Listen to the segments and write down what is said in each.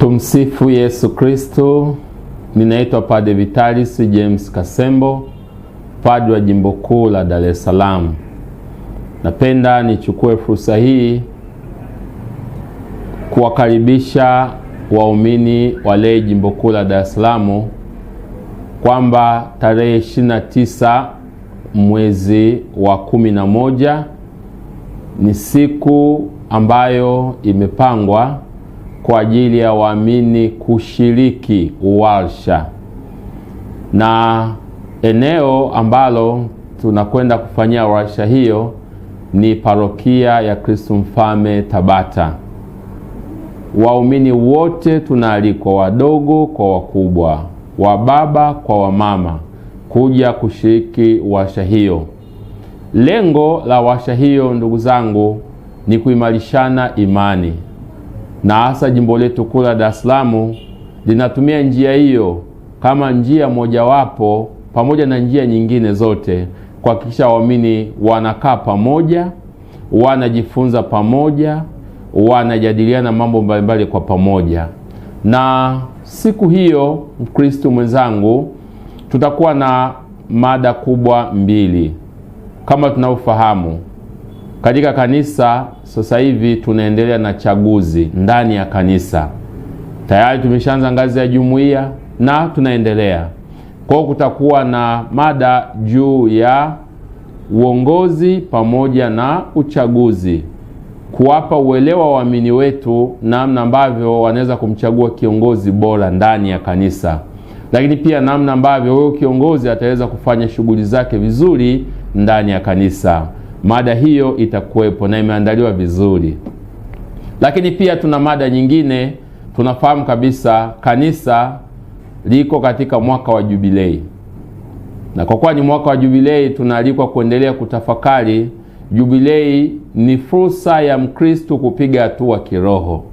Tumsifu Yesu Kristo. Ninaitwa Padre Vitalis James Kasembo, padre wa jimbo kuu la Dar es Salaam. Napenda nichukue fursa hii kuwakaribisha waumini walei jimbo kuu la Dar es Salaam kwamba tarehe 29 mwezi wa moja ni siku ambayo imepangwa kwa ajili ya waamini kushiriki warsha, na eneo ambalo tunakwenda kufanyia warsha hiyo ni parokia ya Kristo Mfalme Tabata. Waumini wote tunaalikwa, wadogo kwa wakubwa, wababa kwa wamama, kuja kushiriki warsha hiyo. Lengo la warsha hiyo, ndugu zangu, ni kuimarishana imani na hasa jimbo letu kuu la Dar es Salaam linatumia njia hiyo kama njia mojawapo pamoja na njia nyingine zote kuhakikisha waamini wanakaa pamoja, wanajifunza pamoja, wanajadiliana mambo mbalimbali kwa pamoja. Na siku hiyo, Mkristo mwenzangu, tutakuwa na mada kubwa mbili kama tunavyofahamu katika kanisa. Sasa hivi tunaendelea na chaguzi ndani ya kanisa, tayari tumeshaanza ngazi ya jumuiya na tunaendelea kwao. Kutakuwa na mada juu ya uongozi pamoja na uchaguzi, kuwapa uelewa waamini wetu namna ambavyo wanaweza kumchagua kiongozi bora ndani ya kanisa, lakini pia namna ambavyo huyo kiongozi ataweza kufanya shughuli zake vizuri ndani ya kanisa mada hiyo itakuwepo na imeandaliwa vizuri. Lakini pia tuna mada nyingine. Tunafahamu kabisa kanisa liko katika mwaka wa jubilei, na kwa kuwa ni mwaka wa jubilei, tunaalikwa kuendelea kutafakari. Jubilei ni fursa ya Mkristo kupiga hatua kiroho.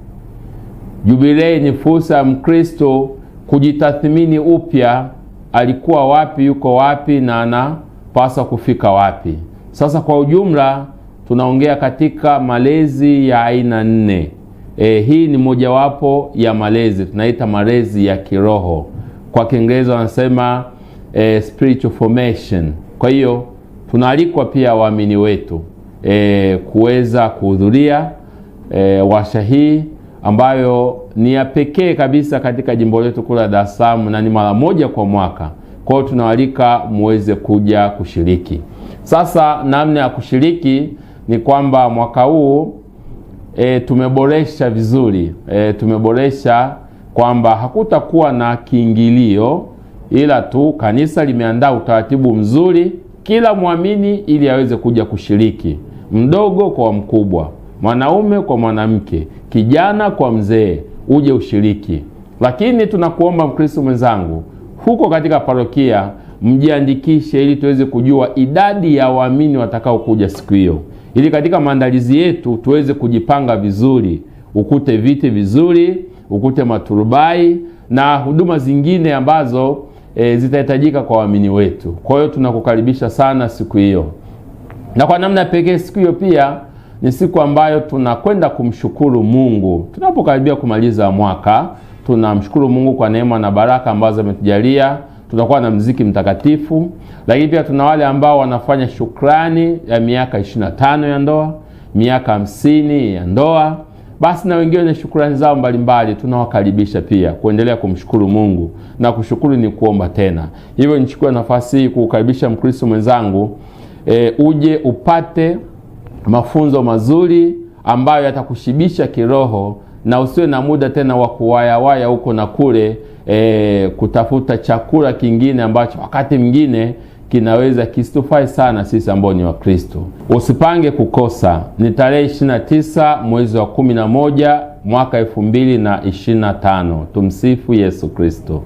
Jubilei ni fursa ya Mkristo kujitathmini upya, alikuwa wapi, yuko wapi na anapaswa kufika wapi. Sasa kwa ujumla tunaongea katika malezi ya aina nne. E, hii ni mojawapo ya malezi tunaita malezi ya kiroho, kwa Kiingereza wanasema e, spiritual formation. Kwa hiyo tunaalikwa pia waamini wetu e, kuweza kuhudhuria e, washa hii ambayo ni ya pekee kabisa katika jimbo letu kula la Dar es Salaam na ni mara moja kwa mwaka. Kwa hiyo muweze kuja kushiriki. Sasa namna ya kushiriki ni kwamba mwaka huu e, tumeboresha vizuri e, tumeboresha kwamba hakutakuwa na kiingilio, ila tu kanisa limeandaa utaratibu mzuri kila mwamini ili aweze kuja kushiriki, mdogo kwa mkubwa, mwanaume kwa mwanamke, kijana kwa mzee, uje ushiriki. Lakini tunakuomba Mkristo mwenzangu, huko katika parokia mjiandikishe, ili tuweze kujua idadi ya waamini watakaokuja siku hiyo, ili katika maandalizi yetu tuweze kujipanga vizuri, ukute viti vizuri, ukute maturubai na huduma zingine ambazo e, zitahitajika kwa waamini wetu. Kwa hiyo tunakukaribisha sana siku hiyo, na kwa namna pekee siku hiyo pia ni siku ambayo tunakwenda kumshukuru Mungu. Tunapokaribia kumaliza mwaka, tunamshukuru Mungu kwa neema na baraka ambazo ametujalia tutakuwa na mziki mtakatifu, lakini pia tuna wale ambao wanafanya shukrani ya miaka 25 ya ndoa, miaka hamsini ya ndoa, basi na wengine na shukrani zao mbalimbali, tunawakaribisha pia kuendelea kumshukuru Mungu, na kushukuru ni kuomba tena. Hivyo nichukue nafasi hii kuukaribisha Mkristo mwenzangu e, uje upate mafunzo mazuri ambayo yatakushibisha kiroho na usiwe na muda tena wa kuwayawaya huko na kule e, kutafuta chakula kingine ambacho wakati mwingine kinaweza kisitufai sana sisi ambao ni Wakristo. Usipange kukosa. Ni tarehe 29 mwezi wa 11 mwaka 2025. Tumsifu Yesu Kristo.